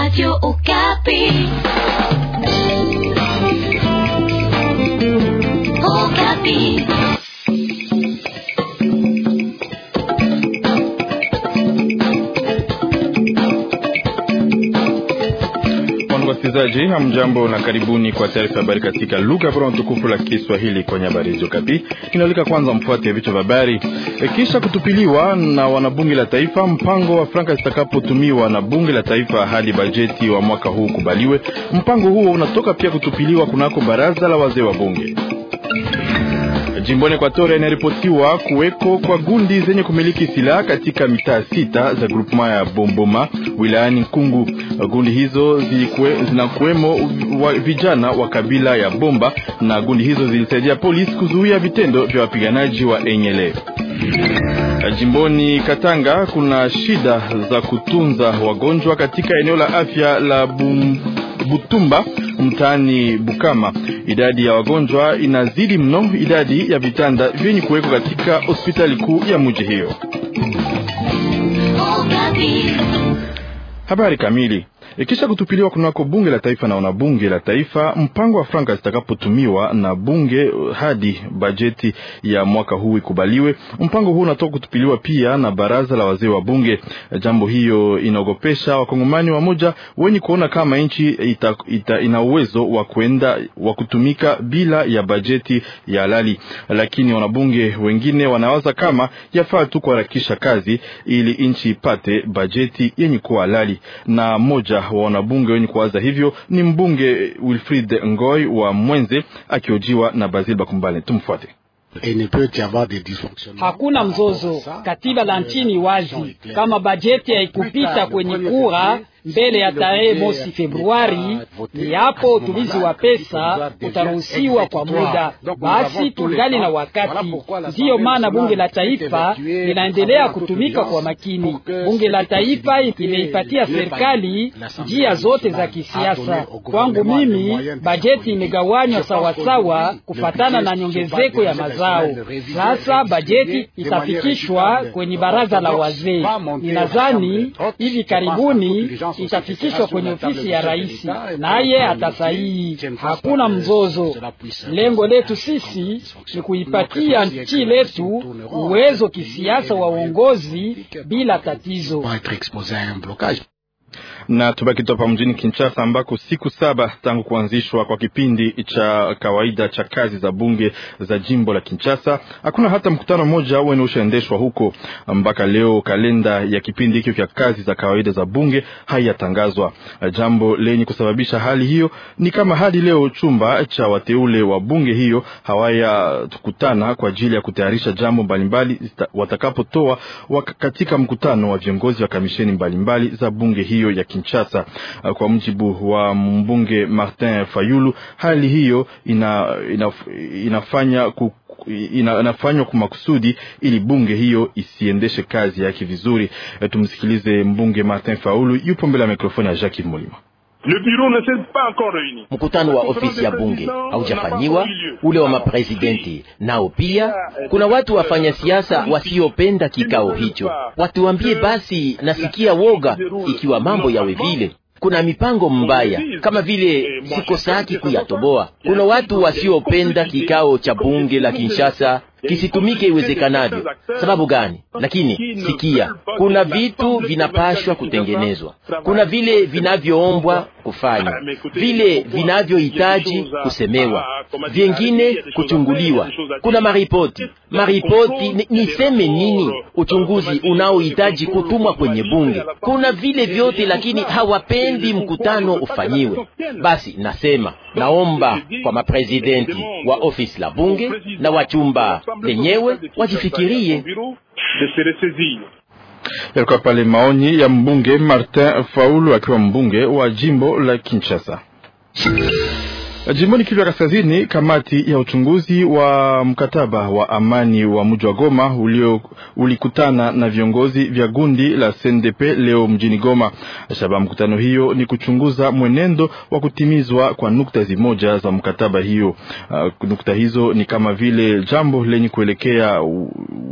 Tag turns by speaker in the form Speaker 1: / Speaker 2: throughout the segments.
Speaker 1: Radio Okapi.
Speaker 2: wasikilizaji, hamjambo na karibuni kwa taarifa ya habari katika lugha bora tukufu la Kiswahili kwenye habari hizo kapi. Inaalika kwanza mfuate vichwa vya habari. E, kisha kutupiliwa na wanabunge la taifa mpango wa franka zitakapotumiwa na bunge la taifa hadi bajeti wa mwaka huu kubaliwe, mpango huo unatoka pia kutupiliwa kunako baraza la wazee wa bunge. Jimboni Ekwatoria inaripotiwa kuweko kwa gundi zenye kumiliki silaha katika mitaa sita za grupema ya Bomboma wilayani Nkungu. Gundi hizo zinakuwemo wa vijana wa kabila ya Bomba, na gundi hizo zilisaidia polisi kuzuia vitendo vya wapiganaji wa Enyele. Jimboni Katanga kuna shida za kutunza wagonjwa katika eneo la afya la Bum Butumba mtaani Bukama. Idadi ya wagonjwa inazidi mno idadi ya vitanda vyenye kuwekwa katika hospitali kuu ya mji hiyo. Oh, Habari kamili Ikisha kutupiliwa kunako bunge la taifa na wanabunge la taifa, mpango wa franka zitakapotumiwa na bunge uh, hadi bajeti ya mwaka huu ikubaliwe, mpango huu unatoka kutupiliwa pia na baraza la wazee wa bunge. Jambo hiyo inaogopesha wakongomani wamoja wenye kuona kama nchi ita, ita, ina uwezo wa kwenda wa kutumika bila ya bajeti ya halali, lakini wanabunge wengine wanawaza kama yafaa tu kuharakisha kazi ili nchi ipate bajeti yenye kuwa halali na moja wa wanabunge wenye kuwaza hivyo ni mbunge Wilfrid Ngoi wa Mwenze akiojiwa na Basil Bakumbale. Tumfuate.
Speaker 3: Hakuna mzozo, katiba la nchini wazi. Kama bajeti haikupita kwenye kura, mbele ya tarehe mosi Februari, ni hapo utumizi wa pesa utaruhusiwa kwa muda. Basi tungali na wakati, ndiyo maana bunge la taifa linaendelea kutumika kwa makini. Bunge la taifa imeipatia serikali njia zote za kisiasa. Kwangu mimi, bajeti imegawanywa sawasawa kufatana na nyongezeko ya mazao. Sasa bajeti itafikishwa kwenye baraza la wazee. Ninadhani hivi karibuni itafikishwa kwenye ofisi ya rais, naye atasaini. Hakuna mzozo. Lengo letu sisi ni kuipatia nchi letu uwezo kisiasa wa uongozi bila tatizo
Speaker 2: na tubaki tu mjini Kinshasa ambako siku saba tangu kuanzishwa kwa kipindi cha kawaida cha kazi za bunge za jimbo la Kinshasa hakuna hata mkutano mmoja au unaoendeshwa huko mpaka leo. Kalenda ya kipindi hicho cha kazi za kawaida za bunge haijatangazwa, jambo lenye kusababisha hali hiyo ni kama hadi leo chumba cha wateule wa bunge hiyo hawayatukutana kwa ajili ya kutayarisha jambo mbalimbali watakapotoa katika mkutano wa viongozi wa kamisheni mbalimbali za bunge hiyo ya Kinshasa. Kinshasa. Uh, kwa mjibu wa mbunge Martin Fayulu, hali hiyo ina, ina, inafanya ku inafanywa kwa makusudi ili bunge hiyo isiendeshe kazi yake vizuri. Uh, tumsikilize mbunge Martin Faulu, yupo mbele ya mikrofoni ya Jacques Mulima. Mkutano wa ofisi ya bunge haujafanyiwa,
Speaker 4: ule wa mapresidenti nao pia. Ah, eh, kuna eh, watu wafanya eh, siasa wasiopenda kikao hicho, watuambie basi. Nasikia woga ikiwa mambo yawe vile. Kuna mipango mbaya kama vile sikosaki kuyatoboa. Kuna watu wasiopenda kikao cha bunge la Kinshasa kisitumike iwezekanavyo. Sababu gani? Lakini sikia, kuna vitu vinapashwa kutengenezwa, kuna vile vinavyoombwa kufanywa, vile vinavyohitaji kusemewa, vyengine kuchunguliwa. Kuna maripoti, maripoti niseme nini, uchunguzi unaohitaji kutumwa kwenye bunge, kuna vile vyote, lakini hawapendi mkutano ufanyiwe. Basi nasema Naomba kwa maprezidenti wa ofisi la bunge na wachumba lenyewe wajifikirie.
Speaker 2: Yalikuwa pale maoni ya mbunge Martin Faulu akiwa mbunge wa jimbo la Kinshasa. Jimboni Kivu ya Kaskazini, kamati ya uchunguzi wa mkataba wa amani wa mji wa Goma ulio, ulikutana na viongozi vya gundi la CNDP leo mjini Goma. Shabaha mkutano hiyo ni kuchunguza mwenendo wa kutimizwa kwa nukta zimoja za mkataba hiyo. Uh, nukta hizo ni kama vile jambo lenye kuelekea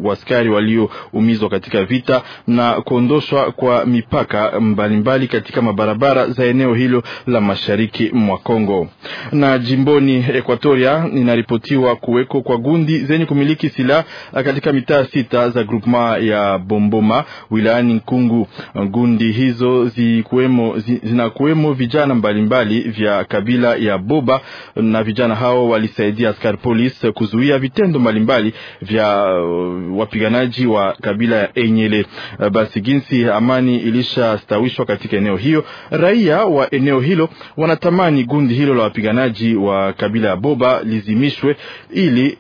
Speaker 2: waskari walioumizwa katika vita na kuondoshwa kwa mipaka mbalimbali mbali katika mabarabara za eneo hilo la mashariki mwa Kongo na na jimboni Equatoria inaripotiwa kuweko kwa gundi zenye kumiliki silaha eh, katika mitaa sita za grupma ya Bomboma wilayani Nkungu. Gundi hizo zikuwemo, zi, zinakuwemo vijana mbalimbali mbali vya kabila ya Boba, na vijana hao walisaidia askari polisi kuzuia vitendo mbalimbali mbali vya eh, wapiganaji wa kabila ya Enyele. Eh, basi jinsi amani ilishastawishwa katika eneo hiyo, raia wa eneo hilo wanatamani gundi hilo la wapiganaji mauaji wa kabila ya Boba lizimishwe ili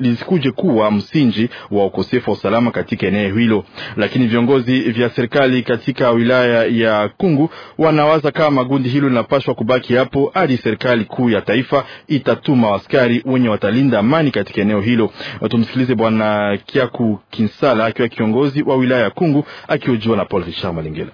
Speaker 2: lisikuje kuwa msingi wa ukosefu wa usalama katika eneo hilo, lakini viongozi vya serikali katika wilaya ya Kungu wanawaza kama gundi hilo linapaswa kubaki hapo hadi serikali kuu ya taifa itatuma askari wenye watalinda amani katika eneo hilo. Tumsikilize Bwana Kiaku Kinsala akiwa kiongozi wa wilaya ya Kungu akihojiwa na Paul Richard Malengela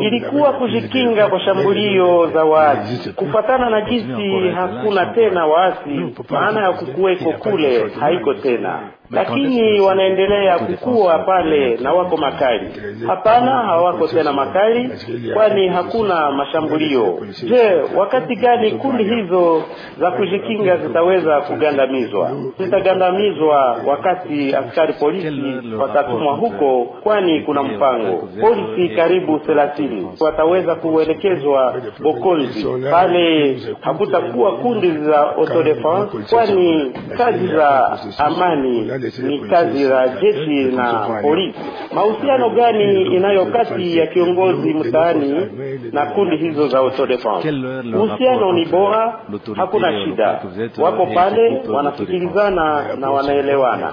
Speaker 1: ilikuwa kujikinga kwa shambulio za waasi. Kufatana na jinsi hakuna tena waasi, maana ya kukuweko kule haiko tena, lakini wanaendelea kukua pale na wako makali. Hapana, hawako tena makali, kwani hakuna mashambulio. Je, wakati gani kundi hizo za kujikinga zitaweza kugandamizwa? Zitagandamizwa wakati askari polisi watatumwa huko, kwani kuna mpango polisi karibu thelathini wataweza kuelekezwa bokonzi Pale hakutakuwa kundi za autodefense, kwani kazi za amani ni kazi za jeshi na polisi. Mahusiano gani inayo kati ya kiongozi mtaani na kundi hizo za autodefense? Uhusiano ni bora, hakuna shida, wako pale wanasikilizana na wanaelewana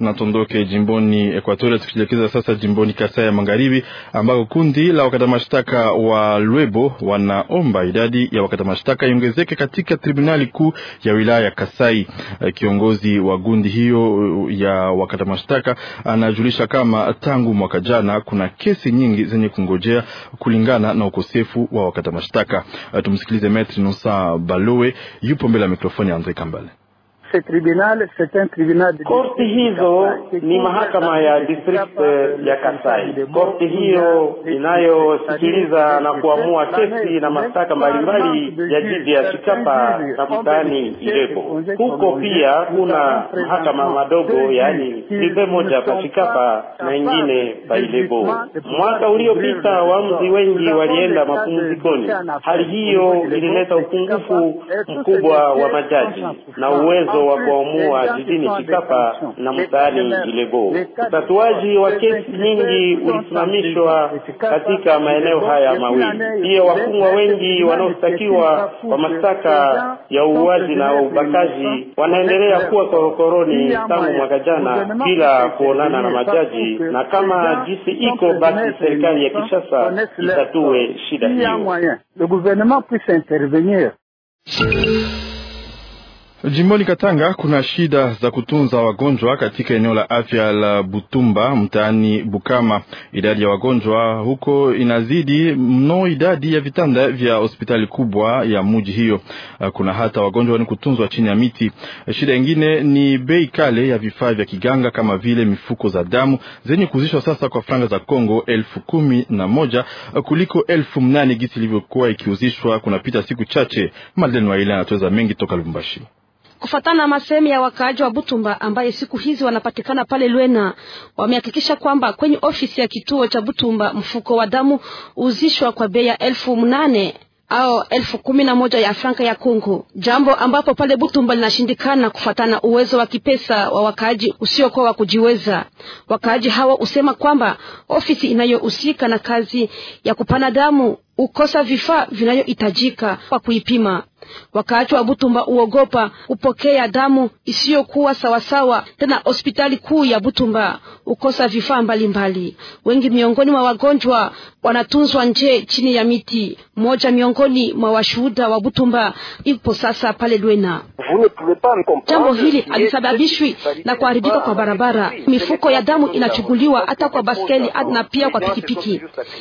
Speaker 2: na tuondoke jimboni Ekuatoria tukielekeza sasa jimboni Kasai ya Magharibi, ambako kundi la wakata mashtaka wa Lwebo wanaomba idadi ya wakata mashtaka iongezeke katika tribunali kuu ya wilaya ya Kasai. Eh, kiongozi wa gundi hiyo eh, ya wakata mashtaka anajulisha kama tangu mwaka jana kuna kesi nyingi zenye kungojea kulingana na ukosefu wa wakata mashtaka. Eh, tumsikilize Metri Nusa Balowe, yupo mbele ya mikrofoni ya Andre Kambale.
Speaker 1: Korti hizo ni mahakama ya district ya Kasai. Korti hiyo inayosikiliza na kuamua kesi na mashtaka mbalimbali ya jiji ya Chikapa na kutani Ilebo. Huko pia kuna mahakama madogo, yaani ibe moja pa Chikapa na ingine pa Ilebo. Mwaka uliopita waamuzi wengi walienda mapumzikoni. Hali hiyo ilileta upungufu mkubwa wa majaji na uwezo wa kuamua jijini Chikapa na mtaani Ilego. Utatuaji wa kesi nyingi ulisimamishwa katika maeneo haya mawili. Pia wafungwa wengi wanaostakiwa kwa mashtaka ya uuaji na ubakaji wanaendelea kuwa korokoroni tangu mwaka jana bila kuonana na majaji, na kama jinsi
Speaker 3: iko basi, serikali ya Kinshasa
Speaker 1: itatue shida hiyo.
Speaker 2: Jimboni Katanga kuna shida za kutunza wagonjwa katika eneo la afya la Butumba mtaani Bukama. Idadi ya wagonjwa huko inazidi mno idadi ya vitanda vya hospitali kubwa ya muji hiyo. Ah, kuna hata wagonjwa ni kutunzwa chini ya miti. Shida ingine ni bei kale ya vifaa vya kiganga kama vile mifuko za damu zenye kuuzishwa sasa kwa franga za Kongo elfu kumi na moja ah, kuliko elfu mnane gisi ilivyokuwa ikiuzishwa kunapita siku chache. Madlen Waila mengi toka Lubumbashi.
Speaker 5: Kufatana na masemi ya wakaaji wa Butumba ambaye siku hizi wanapatikana pale Lwena, wamehakikisha kwamba kwenye ofisi ya kituo cha Butumba mfuko wa damu uzishwa kwa bei ya elfu mnane au elfu kumi na moja ya franka ya Kongo, jambo ambapo pale Butumba linashindikana kufatana uwezo wa kipesa wa wakaaji usiokuwa wa kujiweza. Wakaaji hawa husema kwamba ofisi inayohusika na kazi ya kupana damu ukosa vifaa vinayohitajika kwa kuipima. Wakaaji wa Butumba uogopa kupokea damu isiyokuwa sawasawa, tena hospitali kuu ya Butumba ukosa vifaa mbalimbali. Wengi miongoni mwa wagonjwa wanatunzwa nje chini ya miti. Mmoja miongoni mwa washuhuda wa Butumba ipo sasa pale Lwena. Jambo hili alisababishwi na kuharibika kwa barabara. Mifuko ya damu inachuguliwa hata kwa baskeli na pia kwa pikipiki.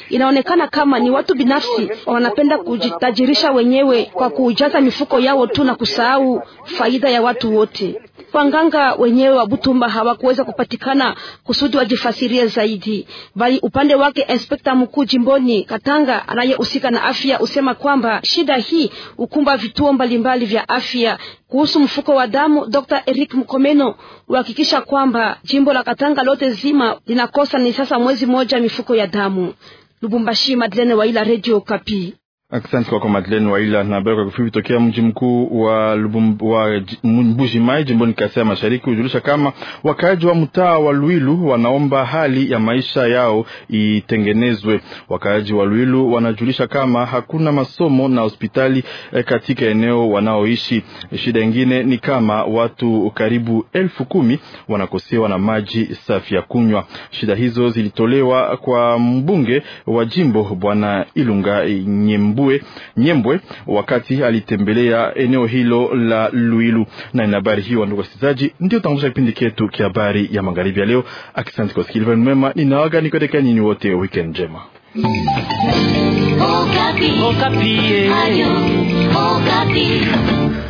Speaker 5: Inaonekana kama ni watu binafsi wanapenda kujitajirisha wenyewe kwa kuujaza kujaza mifuko yao tu na kusahau faida ya watu wote. Wanganga wenyewe wa Butumba hawakuweza kupatikana kusudi wajifasirie zaidi, bali upande wake inspekta mkuu jimboni Katanga anayehusika na afya usema kwamba shida hii hukumba vituo mbalimbali vya afya. Kuhusu mfuko wa damu, Dr Eric Mkomeno huhakikisha kwamba jimbo la Katanga lote zima linakosa ni sasa mwezi mmoja mifuko ya damu. Lubumbashi, Madlene Waila, Radio Kapi.
Speaker 2: Asante kwako Madeleine Waila. Na habari kwa kifupi tokea mji mkuu wa Mbuji Mai jimboni Kasai ya Mashariki hujulisha kama wakaaji wa mtaa wa Lwilu wanaomba hali ya maisha yao itengenezwe. Wakaaji wa Lwilu wanajulisha kama hakuna masomo na hospitali eh, katika eneo wanaoishi. Shida ingine ni kama watu karibu elfu kumi wanakosewa na maji safi ya kunywa. Shida hizo zilitolewa kwa mbunge wa jimbo Bwana Ilunga Nyembu. Mbue Nyembwe wakati alitembelea eneo hilo la Luilu. Na ina habari hiyo, ndugu wasikilizaji, ndio tangusha kipindi chetu cha habari ya magharibi ya leo. Asante kwa kusikiliza mwema, ninaaga nikiwatakia nyinyi wote weekend njema.
Speaker 1: Okapi. Okapi. Eh. Okapi.